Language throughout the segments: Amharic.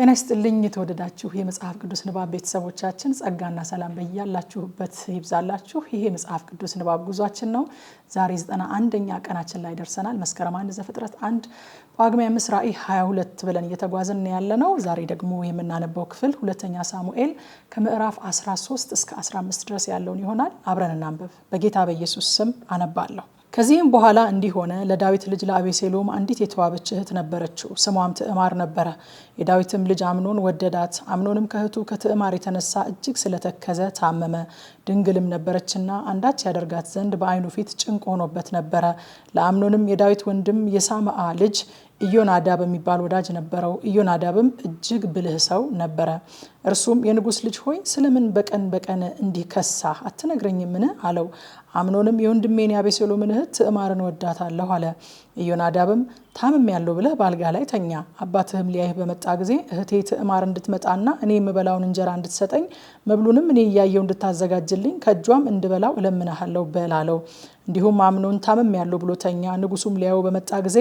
ጤና ይስጥልኝ የተወደዳችሁ የመጽሐፍ ቅዱስ ንባብ ቤተሰቦቻችን፣ ጸጋና ሰላም በያላችሁበት ይብዛላችሁ። ይሄ የመጽሐፍ ቅዱስ ንባብ ጉዟችን ነው። ዛሬ ዘጠና አንደኛ ቀናችን ላይ ደርሰናል። መስከረም አንድ ዘፍጥረት አንድ ጳጉሜ አምስት ራዕይ 22 ብለን እየተጓዝን ያለ ነው። ዛሬ ደግሞ የምናነበው ክፍል ሁለተኛ ሳሙኤል ከምዕራፍ 13 እስከ 15 ድረስ ያለውን ይሆናል። አብረን እናንብብ። በጌታ በኢየሱስ ስም አነባለሁ። ከዚህም በኋላ እንዲህ ሆነ። ለዳዊት ልጅ ለአቤሴሎም አንዲት የተዋበች እህት ነበረችው፣ ስሟም ትዕማር ነበረ። የዳዊትም ልጅ አምኖን ወደዳት። አምኖንም ከእህቱ ከትዕማር የተነሳ እጅግ ስለተከዘ ታመመ። ድንግልም ነበረችና አንዳች ያደርጋት ዘንድ በዓይኑ ፊት ጭንቅ ሆኖበት ነበረ። ለአምኖንም የዳዊት ወንድም የሳምአ ልጅ ኢዮናዳብ የሚባል ወዳጅ ነበረው። ኢዮናዳብም እጅግ ብልህ ሰው ነበረ። እርሱም የንጉስ ልጅ ሆይ ስለምን በቀን በቀን እንዲህ ከሳህ አትነግረኝምን? አለው። አምኖንም የወንድሜን የአቤሴሎምን እህት ትዕማርን ወዳታለሁ አለ። ኢዮናዳብም ታምም ያለው ብለህ በአልጋ ላይ ተኛ፣ አባትህም ሊያይህ በመጣ ጊዜ እህቴ ትዕማር እንድትመጣና እኔ የምበላውን እንጀራ እንድትሰጠኝ መብሉንም እኔ እያየው እንድታዘጋጅልኝ ከእጇም እንድበላው እለምናሃለሁ በል አለው። እንዲሁም አምኖን ታመም ያለው ብሎ ተኛ። ንጉሱም ሊያየው በመጣ ጊዜ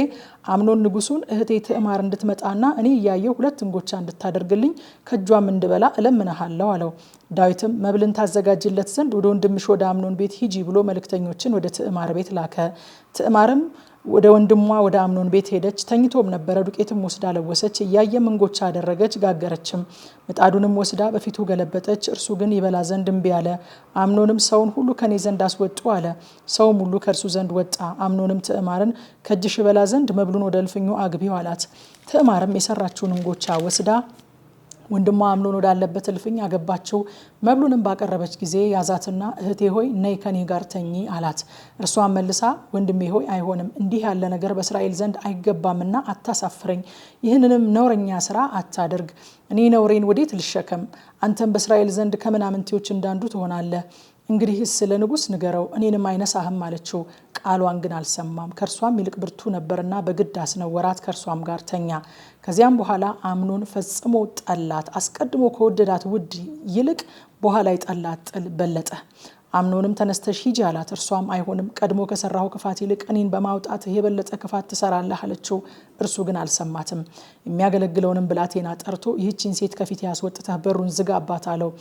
አምኖን ንጉሱን እህቴ ትዕማር እንድትመጣና እኔ እያየው ሁለት እንጎቻ እንድታደርግልኝ ከእጇም እንድበላ እለምናሃለሁ አለው። ዳዊትም መብልን ታዘጋጅለት ዘንድ ወደ ወንድምሽ ወደ አምኖን ቤት ሂጂ ብሎ መልእክተኞችን ወደ ትዕማር ቤት ላከ። ትዕማርም ወደ ወንድሟ ወደ አምኖን ቤት ሄደች። ተኝቶም ነበረ። ዱቄትም ወስዳ ለወሰች፣ እያየ እንጎቻ አደረገች፣ ጋገረችም። ምጣዱንም ወስዳ በፊቱ ገለበጠች። እርሱ ግን ይበላ ዘንድ እምቢ አለ። አምኖንም ሰውን ሁሉ ከኔ ዘንድ አስወጡ አለ። ሰውም ሁሉ ከእርሱ ዘንድ ወጣ። አምኖንም ትዕማርን ከእጅሽ በላ ዘንድ መብሉን ወደ እልፍኙ አግቢው አላት። ትዕማርም የሰራችውን እንጎቻ ወስዳ ወንድሟ አምሎን ወዳለበት እልፍኝ አገባችው። መብሉንም ባቀረበች ጊዜ ያዛትና እህቴ ሆይ ነይ ከኔ ጋር ተኚ አላት። እርሷን መልሳ ወንድሜ ሆይ አይሆንም፣ እንዲህ ያለ ነገር በእስራኤል ዘንድ አይገባምና አታሳፍረኝ፣ ይህንንም ነውረኛ ስራ አታደርግ። እኔ ነውሬን ወዴት ልሸከም? አንተም በእስራኤል ዘንድ ከምናምንቴዎች እንዳንዱ ትሆናለህ። እንግዲህ ስለ ንጉስ ንገረው እኔንም አይነሳህም አለችው። ቃሏን ግን አልሰማም። ከእርሷም ይልቅ ብርቱ ነበርና በግድ አስነወራት፣ ከእርሷም ጋር ተኛ። ከዚያም በኋላ አምኖን ፈጽሞ ጠላት። አስቀድሞ ከወደዳት ውድ ይልቅ በኋላ የጠላት ጥል በለጠ። አምኖንም ተነስተሽ ሂጂ አላት። እርሷም አይሆንም፣ ቀድሞ ከሰራሁ ክፋት ይልቅ እኔን በማውጣት የበለጠ ክፋት ትሰራለህ አለችው። እርሱ ግን አልሰማትም። የሚያገለግለውንም ብላቴና ጠርቶ ይህችን ሴት ከፊት ያስወጥተህ በሩን ዝጋባት አለው።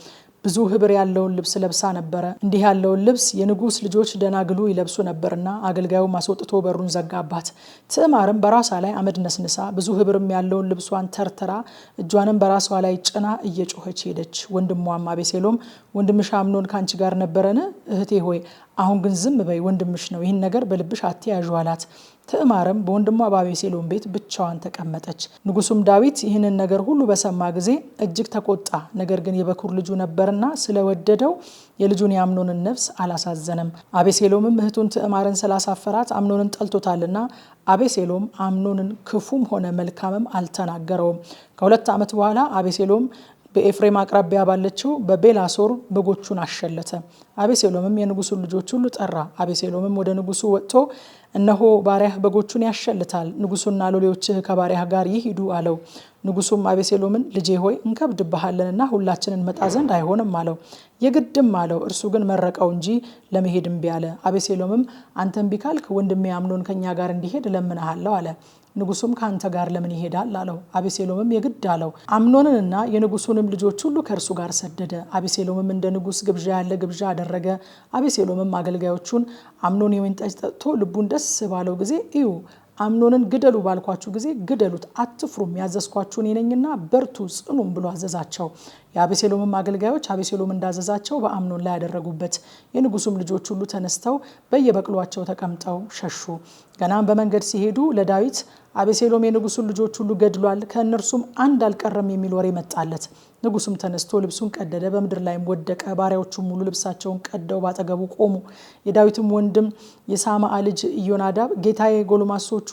ብዙ ህብር ያለውን ልብስ ለብሳ ነበረ። እንዲህ ያለውን ልብስ የንጉሥ ልጆች ደናግሉ ይለብሱ ነበርና አገልጋዩ አስወጥቶ በሩን ዘጋባት። ትዕማርም በራሷ ላይ አመድ ነስንሳ ብዙ ህብርም ያለውን ልብሷን ተርትራ እጇንም በራሷ ላይ ጭና እየጮኸች ሄደች። ወንድሟም አቤሴሎም ወንድምሽ አምኖን ከአንቺ ጋር ነበረን? እህቴ ሆይ አሁን ግን ዝም በይ ወንድምሽ ነው፣ ይህን ነገር በልብሽ አትያዥ አላት። ትዕማርም በወንድሟ በአቤሴሎም ቤት ብቻዋን ተቀመጠች። ንጉሱም ዳዊት ይህንን ነገር ሁሉ በሰማ ጊዜ እጅግ ተቆጣ። ነገር ግን የበኩር ልጁ ነበርና ስለወደደው የልጁን የአምኖንን ነፍስ አላሳዘነም። አቤሴሎምም እህቱን ትዕማርን ስላሳፈራት አምኖንን ጠልቶታልና አቤሴሎም አምኖንን ክፉም ሆነ መልካምም አልተናገረውም። ከሁለት ዓመት በኋላ አቤሴሎም በኤፍሬም አቅራቢያ ባለችው በቤላሶር በጎቹን አሸለተ። አቤሴሎምም የንጉሱን ልጆች ሁሉ ጠራ። አቤሴሎምም ወደ ንጉሱ ወጥቶ እነሆ ባሪያህ በጎቹን ያሸልታል፣ ንጉሱና ሎሌዎችህ ከባሪያህ ጋር ይሂዱ አለው። ንጉሱም አቤሴሎምን ልጄ ሆይ እንከብድብሃለንና ሁላችንን መጣ ዘንድ አይሆንም አለው። የግድም አለው። እርሱ ግን መረቀው እንጂ ለመሄድ እምቢ አለ። አቤሴሎምም አንተ ቢካልክ ወንድሜ አምኖን ከእኛ ጋር እንዲሄድ እለምንሃለሁ አለ። ንጉሱም ከአንተ ጋር ለምን ይሄዳል አለው። አቤሴሎምም የግድ አለው። አምኖንንና የንጉሱንም ልጆች ሁሉ ከእርሱ ጋር ሰደደ። አቤሴሎምም እንደ ንጉስ ግብዣ ያለ ግብዣ አደረገ። አቤሴሎምም አገልጋዮቹን አምኖን የወይን ጠጅ ጠጥቶ ልቡን ደስ ባለው ጊዜ እዩ አምኖንን ግደሉ ባልኳችሁ ጊዜ ግደሉት፣ አትፍሩም፣ ያዘዝኳችሁ እኔ ነኝና በርቱ ጽኑም ብሎ አዘዛቸው። የአቤሴሎምም አገልጋዮች አቤሴሎም እንዳዘዛቸው በአምኖን ላይ ያደረጉበት። የንጉሱም ልጆች ሁሉ ተነስተው በየበቅሏቸው ተቀምጠው ሸሹ። ገናም በመንገድ ሲሄዱ ለዳዊት አቤሴሎም የንጉሱን ልጆች ሁሉ ገድሏል፣ ከእነርሱም አንድ አልቀረም የሚል ወሬ መጣለት። ንጉሱም ተነስቶ ልብሱን ቀደደ፣ በምድር ላይም ወደቀ። ባሪያዎቹም ሙሉ ልብሳቸውን ቀደው ባጠገቡ ቆሙ። የዳዊትም ወንድም የሳማአ ልጅ ኢዮናዳብ ጌታዬ፣ ጎልማሶቹ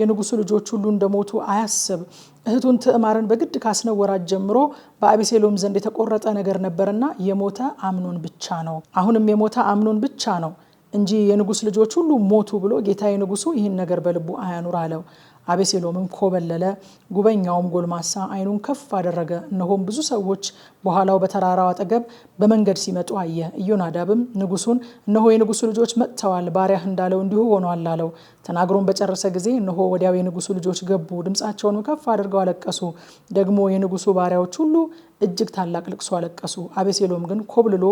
የንጉሱ ልጆች ሁሉ እንደሞቱ አያስብ እህቱን ትዕማርን በግድ ካስነወራት ጀምሮ በአቤሴሎም ዘንድ የተቆረጠ ነገር ነበርና የሞተ አምኖን ብቻ ነው። አሁንም የሞተ አምኖን ብቻ ነው እንጂ የንጉስ ልጆች ሁሉ ሞቱ ብሎ ጌታዬ ንጉሱ ይህን ነገር በልቡ አያኑር አለው። አቤሴሎምም ኮበለለ፣ ጉበኛውም ጎልማሳ አይኑን ከፍ አደረገ፣ እነሆም ብዙ ሰዎች በኋላው በተራራው አጠገብ በመንገድ ሲመጡ አየ። ኢዮናዳብም ንጉሱን፣ እነሆ የንጉሱ ልጆች መጥተዋል፣ ባሪያህ እንዳለው እንዲሁ ሆኗል አለው። ተናግሮም በጨረሰ ጊዜ እነሆ ወዲያው የንጉሱ ልጆች ገቡ፣ ድምፃቸውንም ከፍ አድርገው አለቀሱ። ደግሞ የንጉሱ ባሪያዎች ሁሉ እጅግ ታላቅ ልቅሶ አለቀሱ። አቤሴሎም ግን ኮብልሎ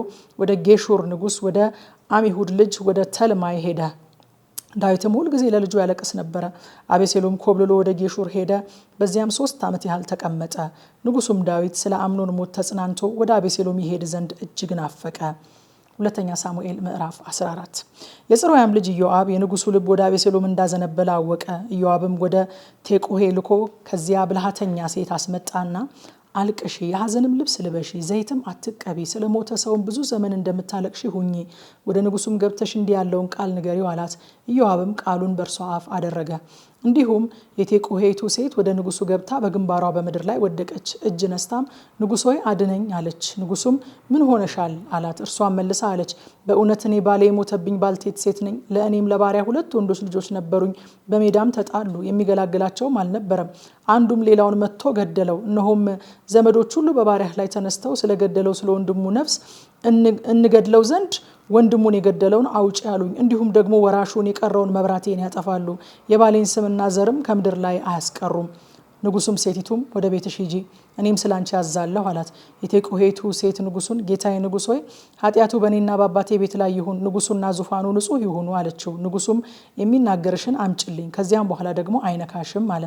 ወደ ጌሹር ንጉስ ወደ አሚሁድ ልጅ ወደ ተልማይ ሄደ። ዳዊትም ሁልጊዜ ለልጁ ያለቅስ ነበረ። አቤሴሎም ኮብልሎ ወደ ጌሹር ሄደ፣ በዚያም ሶስት ዓመት ያህል ተቀመጠ። ንጉሱም ዳዊት ስለ አምኖን ሞት ተጽናንቶ ወደ አቤሴሎም ይሄድ ዘንድ እጅግ ናፈቀ። ሁለተኛ ሳሙኤል ምዕራፍ 14 የጽሩያም ልጅ ኢዮአብ የንጉሱ ልብ ወደ አቤሴሎም እንዳዘነበለ አወቀ። ኢዮአብም ወደ ቴቁሄ ልኮ ከዚያ ብልሃተኛ ሴት አስመጣና አልቅሺ፣ የሐዘንም ልብስ ልበሺ፣ ዘይትም አትቀቢ፣ ስለ ሞተ ሰውም ብዙ ዘመን እንደምታለቅሺ ሁኚ። ወደ ንጉሱም ገብተሽ እንዲህ ያለውን ቃል ንገሪው አላት። ኢዮአብም ቃሉን በእርሷ አፍ አደረገ። እንዲሁም የቴቁሄቱ ሴት ወደ ንጉሱ ገብታ በግንባሯ በምድር ላይ ወደቀች። እጅ ነስታም ንጉሶ ሆይ አድነኝ አለች። ንጉሱም ምን ሆነሻል አላት። እርሷ መልሳ አለች በእውነት እኔ ባሌ የሞተብኝ ባልቴት ሴት ነኝ። ለእኔም ለባሪያ ሁለት ወንዶች ልጆች ነበሩኝ። በሜዳም ተጣሉ፣ የሚገላግላቸውም አልነበረም። አንዱም ሌላውን መጥቶ ገደለው። እነሆም ዘመዶች ሁሉ በባሪያህ ላይ ተነስተው ስለገደለው ስለ ወንድሙ ነፍስ እንገድለው ዘንድ ወንድሙን የገደለውን አውጭ ያሉኝ፣ እንዲሁም ደግሞ ወራሹን የቀረውን መብራቴን ያጠፋሉ፣ የባሌን ስምና ዘርም ከምድር ላይ አያስቀሩም። ንጉሱም ሴቲቱም ወደ ቤትሽ ሂጂ እኔም ስለ አንቺ ያዛለሁ አላት። የቴቁሄቱ ሴት ንጉሱን ጌታዬ ንጉሥ ሆይ ኃጢአቱ በእኔና በአባቴ ቤት ላይ ይሁን፣ ንጉሱና ዙፋኑ ንጹህ ይሁኑ አለችው። ንጉሱም የሚናገርሽን አምጭልኝ፣ ከዚያም በኋላ ደግሞ አይነካሽም አለ።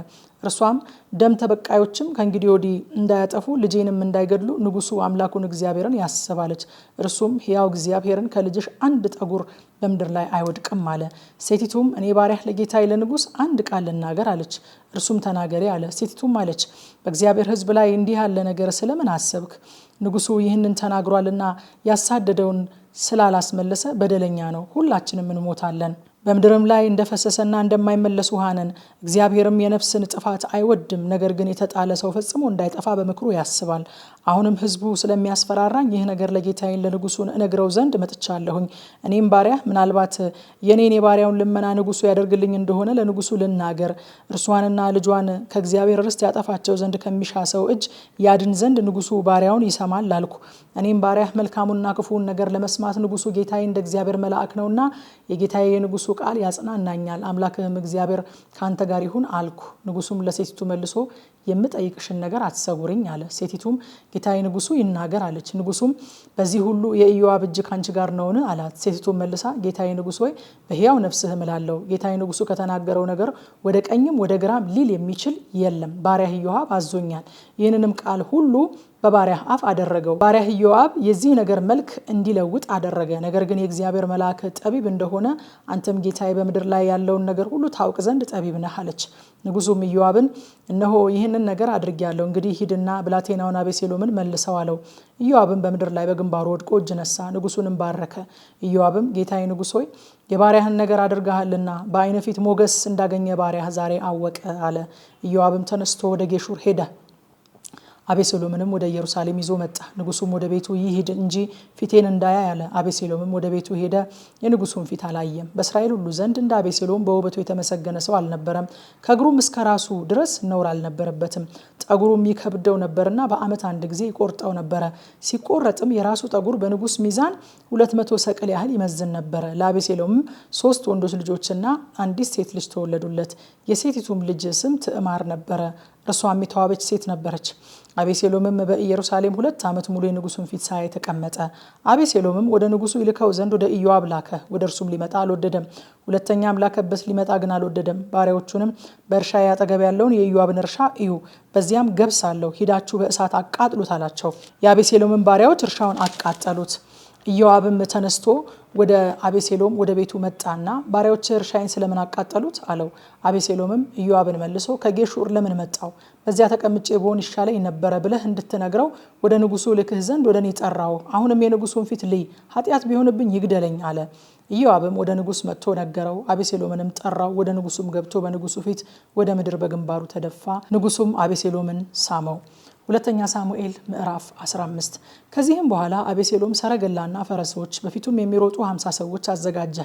እርሷም ደም ተበቃዮችም ከእንግዲህ ወዲህ እንዳያጠፉ ልጄንም እንዳይገድሉ ንጉሱ አምላኩን እግዚአብሔርን ያስባለች። እርሱም ሕያው እግዚአብሔርን ከልጅሽ አንድ ጠጉር በምድር ላይ አይወድቅም አለ። ሴቲቱም እኔ ባሪያህ ለጌታዬ ለንጉስ አንድ ቃል ልናገር አለች። እርሱም ተናገሬ አለ። ሴቲቱም አለች በእግዚአብሔር ሕዝብ ላይ እንዲህ ያለ ነገር ስለምን አሰብክ? ንጉሱ ይህንን ተናግሯልና ያሳደደውን ስላላስመለሰ በደለኛ ነው፣ ሁላችንም እንሞታለን በምድርም ላይ እንደፈሰሰና እንደማይመለስ ውሃ ነን። እግዚአብሔርም የነፍስን ጥፋት አይወድም፣ ነገር ግን የተጣለ ሰው ፈጽሞ እንዳይጠፋ በምክሩ ያስባል። አሁንም ሕዝቡ ስለሚያስፈራራኝ ይህ ነገር ለጌታዬን ለንጉሱን እነግረው ዘንድ መጥቻለሁኝ። እኔም ባሪያ ምናልባት የኔን የባሪያውን ልመና ንጉሱ ያደርግልኝ እንደሆነ ለንጉሱ ልናገር። እርሷንና ልጇን ከእግዚአብሔር ርስት ያጠፋቸው ዘንድ ከሚሻ ሰው እጅ ያድን ዘንድ ንጉሱ ባሪያውን ይሰማል አልኩ። እኔም ባሪያ መልካሙና ክፉውን ነገር ለመስማት ንጉሱ ጌታዬ እንደ እግዚአብሔር መልአክ ነውና የጌታዬ የንጉሱ ቃል ያጽናናኛል። አምላክህም እግዚአብሔር ከአንተ ጋር ይሁን አልኩ። ንጉሱም ለሴቲቱ መልሶ የምጠይቅሽን ነገር አትሰውርኝ አለ። ሴቲቱም ጌታዬ ንጉሱ ይናገር አለች። ንጉሱም በዚህ ሁሉ የኢዮአብ እጅ ካንቺ ጋር ነውን? አላት። ሴቲቱ መልሳ ጌታዬ ንጉስ ሆይ በሕያው ነፍስህ እምላለሁ ጌታዬ ንጉሱ ከተናገረው ነገር ወደ ቀኝም ወደ ግራም ሊል የሚችል የለም። ባሪያህ ኢዮአብ አዞኛል። ይህንንም ቃል ሁሉ በባሪያህ አፍ አደረገው። ባሪያህ ኢዮአብ የዚህ ነገር መልክ እንዲለውጥ አደረገ። ነገር ግን የእግዚአብሔር መልአክ ጠቢብ እንደሆነ አንተም ጌታዬ በምድር ላይ ያለውን ነገር ሁሉ ታውቅ ዘንድ ጠቢብ ነህ አለች። ንጉሱም ኢዮአብን እነሆ ይህንን ነገር አድርጌያለሁ፣ እንግዲህ ሂድና ብላቴናውን አቤሴሎምን መልሰው አለው። ኢዮአብም በምድር ላይ በግንባሩ ወድቆ እጅ ነሳ፣ ንጉሱንም ባረከ። ኢዮአብም ጌታዬ ንጉሥ ሆይ የባሪያህን ነገር አድርገሃልና በዓይነ ፊት ሞገስ እንዳገኘ ባሪያህ ዛሬ አወቀ አለ። ኢዮአብም ተነስቶ ወደ ጌሹር ሄደ። አቤሴሎምንም ወደ ኢየሩሳሌም ይዞ መጣ። ንጉሱም ወደ ቤቱ ይሂድ እንጂ ፊቴን እንዳያ ያለ አቤሴሎምም ወደ ቤቱ ሄደ፣ የንጉሱን ፊት አላየም። በእስራኤል ሁሉ ዘንድ እንደ አቤሴሎም በውበቱ የተመሰገነ ሰው አልነበረም። ከእግሩም እስከ ራሱ ድረስ ነውር አልነበረበትም። ጠጉሩም ይከብደው ነበርና በዓመት አንድ ጊዜ ይቆርጠው ነበረ። ሲቆረጥም የራሱ ጠጉር በንጉስ ሚዛን 200 መቶ ሰቅል ያህል ይመዝን ነበረ። ለአቤሴሎምም ሶስት ወንዶች ልጆችና አንዲት ሴት ልጅ ተወለዱለት። የሴቲቱም ልጅ ስም ትዕማር ነበረ። እርሷም የተዋበች ሴት ነበረች። አቤሴሎምም በኢየሩሳሌም ሁለት ዓመት ሙሉ የንጉሱን ፊት ሳያይ ተቀመጠ። አቤሴሎምም ወደ ንጉሱ ይልከው ዘንድ ወደ ኢዮአብ ላከ። ወደ እርሱም ሊመጣ አልወደደም። ሁለተኛም ላከበት፣ ሊመጣ ግን አልወደደም። ባሪያዎቹንም በእርሻ ያጠገብ ያለውን የኢዮአብን እርሻ እዩ፣ በዚያም ገብስ አለው፣ ሂዳችሁ በእሳት አቃጥሉት አላቸው። የአቤሴሎምን ባሪያዎች እርሻውን አቃጠሉት። ኢዮአብም ተነስቶ ወደ አቤሴሎም ወደ ቤቱ መጣና ባሪያዎች እርሻይን ስለምን አቃጠሉት አለው። አቤሴሎምም ኢዮአብን መልሶ ከጌሹር ለምን መጣው በዚያ ተቀምጬ ብሆን ይሻለኝ ነበረ ብለህ እንድትነግረው ወደ ንጉሱ ልክህ ዘንድ ወደ እኔ ጠራው። አሁንም የንጉሱን ፊት ልይ፣ ኃጢአት ቢሆንብኝ ይግደለኝ አለ። ኢዮአብም ወደ ንጉስ መጥቶ ነገረው። አቤሴሎምንም ጠራው። ወደ ንጉሱም ገብቶ በንጉሱ ፊት ወደ ምድር በግንባሩ ተደፋ። ንጉሱም አቤሴሎምን ሳመው። ሁለተኛ ሳሙኤል ምዕራፍ 15። ከዚህም በኋላ አቤሴሎም ሰረገላና ፈረሶች በፊቱም የሚሮጡ ሀምሳ ሰዎች አዘጋጀ።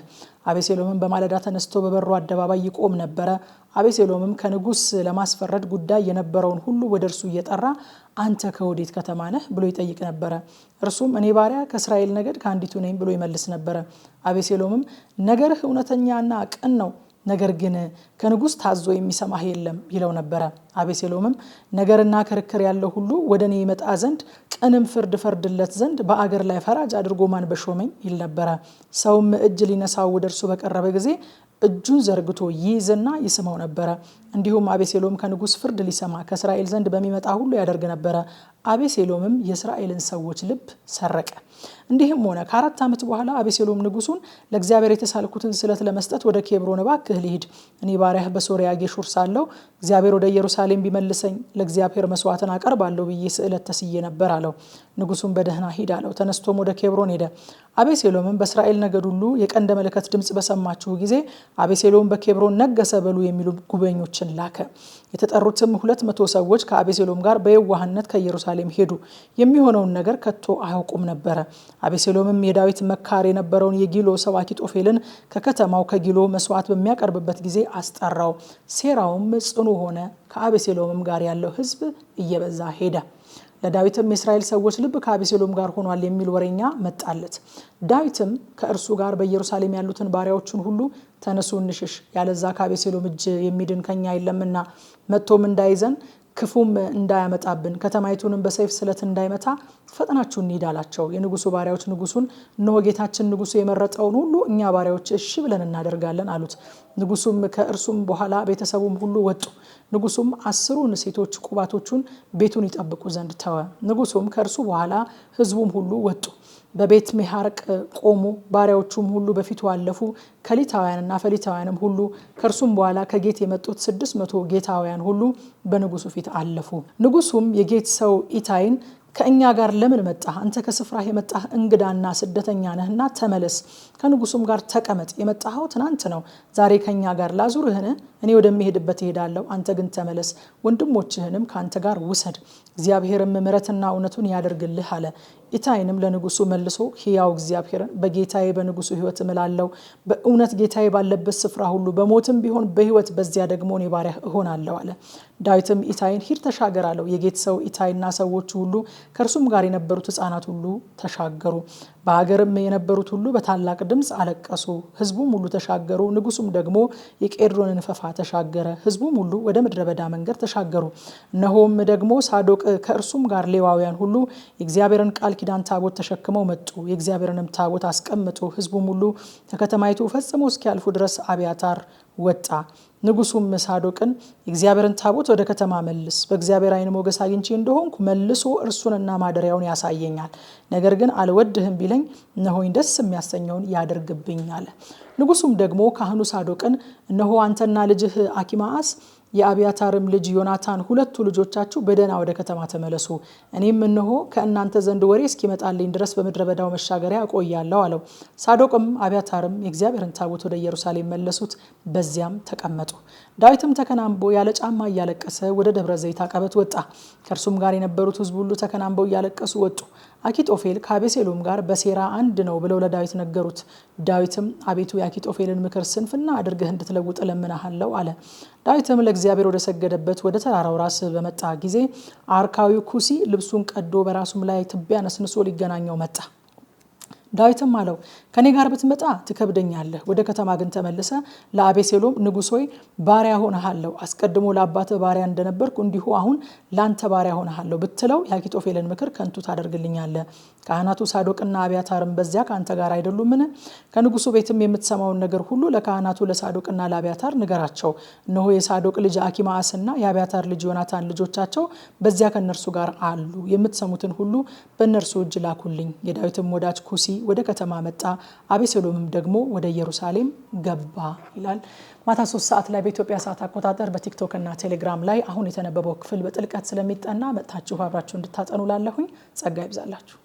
አቤሴሎምም በማለዳ ተነስቶ በበሩ አደባባይ ይቆም ነበረ። አቤሴሎምም ከንጉስ ለማስፈረድ ጉዳይ የነበረውን ሁሉ ወደ እርሱ እየጠራ አንተ ከወዴት ከተማ ነህ ብሎ ይጠይቅ ነበረ። እርሱም እኔ ባሪያ ከእስራኤል ነገድ ከአንዲቱ ነኝ ብሎ ይመልስ ነበረ። አቤሴሎምም ነገርህ እውነተኛና ቅን ነው ነገር ግን ከንጉሥ ታዞ የሚሰማህ የለም ይለው ነበረ። አቤሴሎምም ነገርና ክርክር ያለው ሁሉ ወደ እኔ ይመጣ ዘንድ ቅንም ፍርድ ፈርድለት ዘንድ በአገር ላይ ፈራጅ አድርጎ ማን በሾመኝ ይል ነበረ። ሰውም እጅ ሊነሳው ወደ እርሱ በቀረበ ጊዜ እጁን ዘርግቶ ይይዝና ይስመው ነበረ። እንዲሁም አቤሴሎም ከንጉሥ ፍርድ ሊሰማ ከእስራኤል ዘንድ በሚመጣ ሁሉ ያደርግ ነበረ። አቤሴሎምም የእስራኤልን ሰዎች ልብ ሰረቀ። እንዲህም ሆነ ከአራት ዓመት በኋላ አቤሴሎም ንጉሱን ለእግዚአብሔር የተሳልኩትን ስለት ለመስጠት ወደ ኬብሮን እባክህ ልሂድ፣ እኔ ባሪያህ በሶሪያ ጌሹር ሳለው እግዚአብሔር ወደ ኢየሩሳሌም ቢመልሰኝ ለእግዚአብሔር መስዋዕትን አቀርባለሁ ብዬ ስዕለት ተስዬ ነበር አለው። ንጉሱም በደህና ሂድ አለው። ተነስቶም ወደ ኬብሮን ሄደ። አቤሴሎምም በእስራኤል ነገድ ሁሉ የቀንደ መለከት ድምፅ በሰማችሁ ጊዜ አቤሴሎም በኬብሮን ነገሰ በሉ የሚሉ ጉበኞችን ላከ። የተጠሩትም ሁለት መቶ ሰዎች ከአቤሴሎም ጋር በየዋህነት ከኢየሩሳሌም ሄዱ። የሚሆነውን ነገር ከቶ አያውቁም ነበረ። አቤሴሎምም የዳዊት መካር የነበረውን የጊሎ ሰው አኪጦፌልን ከከተማው ከጊሎ መስዋዕት በሚያቀርብበት ጊዜ አስጠራው። ሴራውም ጽኑ ሆነ። ከአቤሴሎምም ጋር ያለው ሕዝብ እየበዛ ሄደ። ለዳዊትም የእስራኤል ሰዎች ልብ ከአቤሴሎም ጋር ሆኗል የሚል ወሬኛ መጣለት። ዳዊትም ከእርሱ ጋር በኢየሩሳሌም ያሉትን ባሪያዎቹን ሁሉ ተነሱ እንሽሽ፣ ያለዛ ካቤሴሎም እጅ የሚድን ከኛ የለምና መጥቶም እንዳይዘን ክፉም እንዳያመጣብን ከተማይቱንም በሰይፍ ስለት እንዳይመታ ፈጥናችሁ እንሂድ አላቸው። የንጉሱ ባሪያዎች ንጉሱን እነሆ ጌታችን ንጉሱ የመረጠውን ሁሉ እኛ ባሪያዎች እሺ ብለን እናደርጋለን አሉት። ንጉሱም ከእርሱም በኋላ ቤተሰቡም ሁሉ ወጡ። ንጉሱም አስሩን ሴቶች ቁባቶቹን ቤቱን ይጠብቁ ዘንድ ተወ። ንጉሱም ከእርሱ በኋላ ህዝቡም ሁሉ ወጡ። በቤት ሜሐርቅ ቆሙ፣ ባሪያዎቹም ሁሉ በፊቱ አለፉ። ከሊታውያንና ፈሊታውያንም ሁሉ ከእርሱም በኋላ ከጌት የመጡት ስድስት መቶ ጌታውያን ሁሉ በንጉሱ ፊት አለፉ። ንጉሱም የጌት ሰው ኢታይን ከእኛ ጋር ለምን መጣህ? አንተ ከስፍራህ የመጣህ እንግዳና ስደተኛ ነህና ተመለስ፣ ከንጉሱም ጋር ተቀመጥ። የመጣኸው ትናንት ነው፣ ዛሬ ከእኛ ጋር ላዙርህን እኔ ወደሚሄድበት እሄዳለሁ፣ አንተ ግን ተመለስ፣ ወንድሞችህንም ከአንተ ጋር ውሰድ፣ እግዚአብሔርም ምሕረትና እውነቱን ያደርግልህ አለ። ኢታይንም ለንጉሱ መልሶ ሕያው እግዚአብሔርን በጌታዬ በንጉሱ ሕይወት እምላለሁ፣ በእውነት ጌታዬ ባለበት ስፍራ ሁሉ በሞትም ቢሆን በሕይወት በዚያ ደግሞ እኔ ባሪያህ እሆናለሁ አለ። ዳዊትም ኢታይን ሂድ ተሻገር አለው። የጌት ሰው ኢታይና ሰዎቹ ሁሉ ከእርሱም ጋር የነበሩት ሕፃናት ሁሉ ተሻገሩ። በሀገርም የነበሩት ሁሉ በታላቅ ድምፅ አለቀሱ። ሕዝቡም ሁሉ ተሻገሩ። ንጉሱም ደግሞ የቄድሮንን ፈፋ ተሻገረ፣ ህዝቡም ሁሉ ወደ ምድረ በዳ መንገድ ተሻገሩ። እነሆም ደግሞ ሳዶቅ ከእርሱም ጋር ሌዋውያን ሁሉ የእግዚአብሔርን ቃል ኪዳን ታቦት ተሸክመው መጡ። የእግዚአብሔርንም ታቦት አስቀምጡ ህዝቡም ሁሉ ከከተማይቱ ፈጽሞ እስኪያልፉ ድረስ አብያታር ወጣ። ንጉሱም ሳዶቅን የእግዚአብሔርን ታቦት ወደ ከተማ መልስ፣ በእግዚአብሔር ዓይን ሞገስ አግኝቼ እንደሆንኩ መልሶ እርሱንና ማደሪያውን ያሳየኛል። ነገር ግን አልወድህም ቢለኝ እነሆኝ ደስ የሚያሰኘውን ያደርግብኝ አለ። ንጉሱም ደግሞ ካህኑ ሳዶቅን እነሆ አንተና ልጅህ አኪማአስ የአብያታርም ልጅ ዮናታን ሁለቱ ልጆቻችሁ በደህና ወደ ከተማ ተመለሱ፣ እኔም እነሆ ከእናንተ ዘንድ ወሬ እስኪመጣልኝ ድረስ በምድረ በዳው መሻገሪያ እቆያለሁ አለው። ሳዶቅም አብያታርም የእግዚአብሔርን ታቦት ወደ ኢየሩሳሌም መለሱት፣ በዚያም ተቀመጡ። ዳዊትም ተከናንቦ ያለ ጫማ እያለቀሰ ወደ ደብረ ዘይት አቀበት ወጣ። ከእርሱም ጋር የነበሩት ሕዝብ ሁሉ ተከናንበው እያለቀሱ ወጡ። አኪጦፌል ከአቤሴሎም ጋር በሴራ አንድ ነው ብለው ለዳዊት ነገሩት። ዳዊትም አቤቱ የአኪጦፌልን ምክር ስንፍና አድርገህ እንድትለውጥ እለምንሃለሁ አለ። ዳዊትም ለእግዚአብሔር ወደ ሰገደበት ወደ ተራራው ራስ በመጣ ጊዜ አርካዊው ኩሲ ልብሱን ቀዶ በራሱም ላይ ትቢያ ነስንሶ ሊገናኘው መጣ። ዳዊትም አለው ከኔ ጋር ብትመጣ ትከብደኛለህ፣ ወደ ከተማ ግን ተመልሰ ለአቤሴሎም ንጉሥ ሆይ ባሪያ ሆነሃለሁ፣ አስቀድሞ ለአባተ ባሪያ እንደነበርኩ እንዲሁ አሁን ለአንተ ባሪያ ሆነሃለሁ ብትለው የአኪጦፌልን ምክር ከንቱ ታደርግልኛለህ። ካህናቱ ሳዶቅና አብያታርም በዚያ ከአንተ ጋር አይደሉምን? ከንጉሱ ቤትም የምትሰማውን ነገር ሁሉ ለካህናቱ ለሳዶቅና ለአብያታር ንገራቸው። እነሆ የሳዶቅ ልጅ አኪማአስና የአብያታር ልጅ ዮናታን ልጆቻቸው በዚያ ከእነርሱ ጋር አሉ። የምትሰሙትን ሁሉ በእነርሱ እጅ ላኩልኝ። የዳዊትም ወዳጅ ኩሲ ወደ ከተማ መጣ፣ አቤሴሎምም ደግሞ ወደ ኢየሩሳሌም ገባ ይላል። ማታ ሶስት ሰዓት ላይ በኢትዮጵያ ሰዓት አቆጣጠር በቲክቶክ እና ቴሌግራም ላይ አሁን የተነበበው ክፍል በጥልቀት ስለሚጠና መጥታችሁ አብራችሁ እንድታጠኑ ላለሁኝ ጸጋ ይብዛላችሁ።